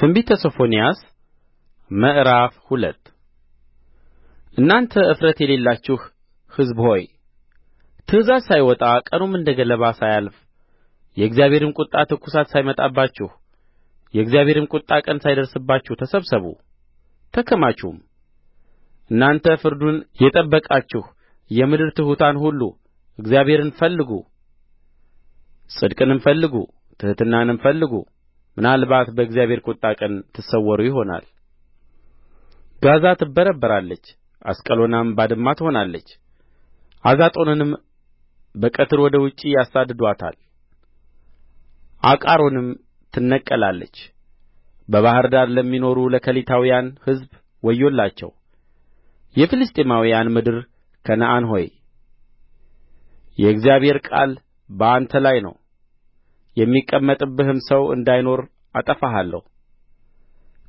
ትንቢተ ሶፎንያስ ምዕራፍ ሁለት እናንተ እፍረት የሌላችሁ ሕዝብ ሆይ ትእዛዝ ሳይወጣ ቀኑም እንደ ገለባ ሳያልፍ የእግዚአብሔርም ቍጣ ትኵሳት ሳይመጣባችሁ የእግዚአብሔርም ቍጣ ቀን ሳይደርስባችሁ ተሰብሰቡ ተከማቹም እናንተ ፍርዱን የጠበቃችሁ የምድር ትሑታን ሁሉ እግዚአብሔርን ፈልጉ ጽድቅንም ፈልጉ ትሕትናንም ፈልጉ ምናልባት በእግዚአብሔር ቍጣ ቀን ትሰወሩ ይሆናል ጋዛ ትበረበራለች አስቀሎናም ባድማ ትሆናለች አዛጦንንም በቀትር ወደ ውጭ ያሳድዱአታል አቃሮንም ትነቀላለች በባሕር ዳር ለሚኖሩ ለከሊታውያን ሕዝብ ወዮላቸው የፍልስጥኤማውያን ምድር ከነዓን ሆይ የእግዚአብሔር ቃል በአንተ ላይ ነው የሚቀመጥብህም ሰው እንዳይኖር አጠፋሃለሁ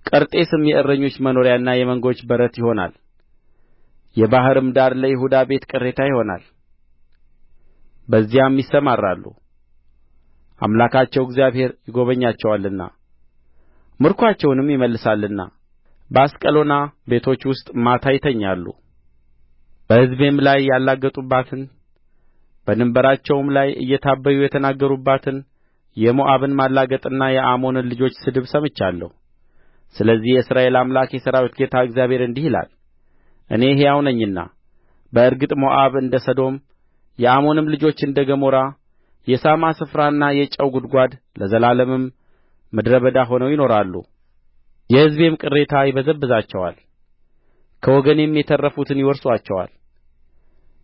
ቀርጤስም የእረኞች መኖሪያና የመንጎች በረት ይሆናል የባሕርም ዳር ለይሁዳ ቤት ቅሬታ ይሆናል በዚያም ይሰማራሉ አምላካቸው እግዚአብሔር ይጐበኛቸዋልና ምርኮአቸውንም ይመልሳልና በአስቀሎና ቤቶች ውስጥ ማታ ይተኛሉ በሕዝቤም ላይ ያላገጡባትን በድንበራቸውም ላይ እየታበዩ የተናገሩባትን የሞዓብን ማላገጥና የአሞንን ልጆች ስድብ ሰምቻለሁ ስለዚህ የእስራኤል አምላክ የሠራዊት ጌታ እግዚአብሔር እንዲህ ይላል እኔ ሕያው ነኝና በእርግጥ ሞዓብ እንደ ሰዶም የአሞንም ልጆች እንደ ገሞራ የሳማ ስፍራና የጨው ጕድጓድ ለዘላለምም ምድረ በዳ ሆነው ይኖራሉ የሕዝቤም ቅሬታ ይበዘብዛቸዋል ከወገኔም የተረፉትን ይወርሱአቸዋል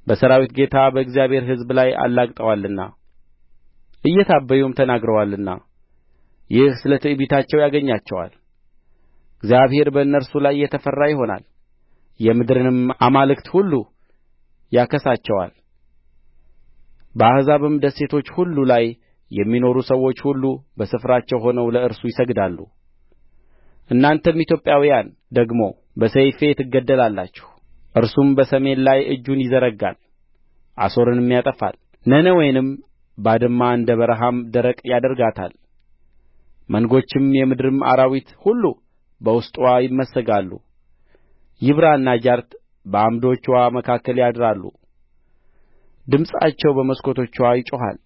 በሠራዊት ጌታ በእግዚአብሔር ሕዝብ ላይ አላግጠዋልና እየታበዩም ተናግረዋልና ይህ ስለ ትዕቢታቸው ያገኛቸዋል እግዚአብሔር በእነርሱ ላይ የተፈራ ይሆናል የምድርንም አማልክት ሁሉ ያከሳቸዋል በአሕዛብም ደሴቶች ሁሉ ላይ የሚኖሩ ሰዎች ሁሉ በስፍራቸው ሆነው ለእርሱ ይሰግዳሉ እናንተም ኢትዮጵያውያን ደግሞ በሰይፌ ትገደላላችሁ እርሱም በሰሜን ላይ እጁን ይዘረጋል አሦርንም ያጠፋል ነነዌንም ባድማ እንደ በረሃም ደረቅ ያደርጋታል መንጎችም የምድርም አራዊት ሁሉ በውስጥዋ ይመሰጋሉ ይብራና ጃርት በዓምዶችዋ መካከል ያድራሉ ድምፃቸው በመስኮቶችዋ ይጮኻል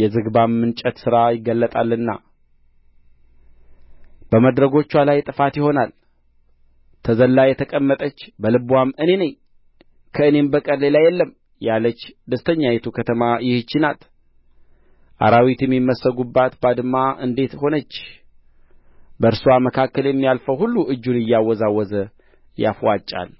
የዝግባም እንጨት ሥራ ይገለጣልና በመድረኮችዋ ላይ ጥፋት ይሆናል ተዘላ የተቀመጠች በልብዋም እኔ ነኝ ከእኔም በቀር ሌላ የለም ያለች ደስተኛይቱ ከተማ ይህች ናት አራዊት የሚመሰጉባት ባድማ እንዴት ሆነች በእርስዋ መካከል የሚያልፈው ሁሉ እጁን እያወዛወዘ ያፍዋጫል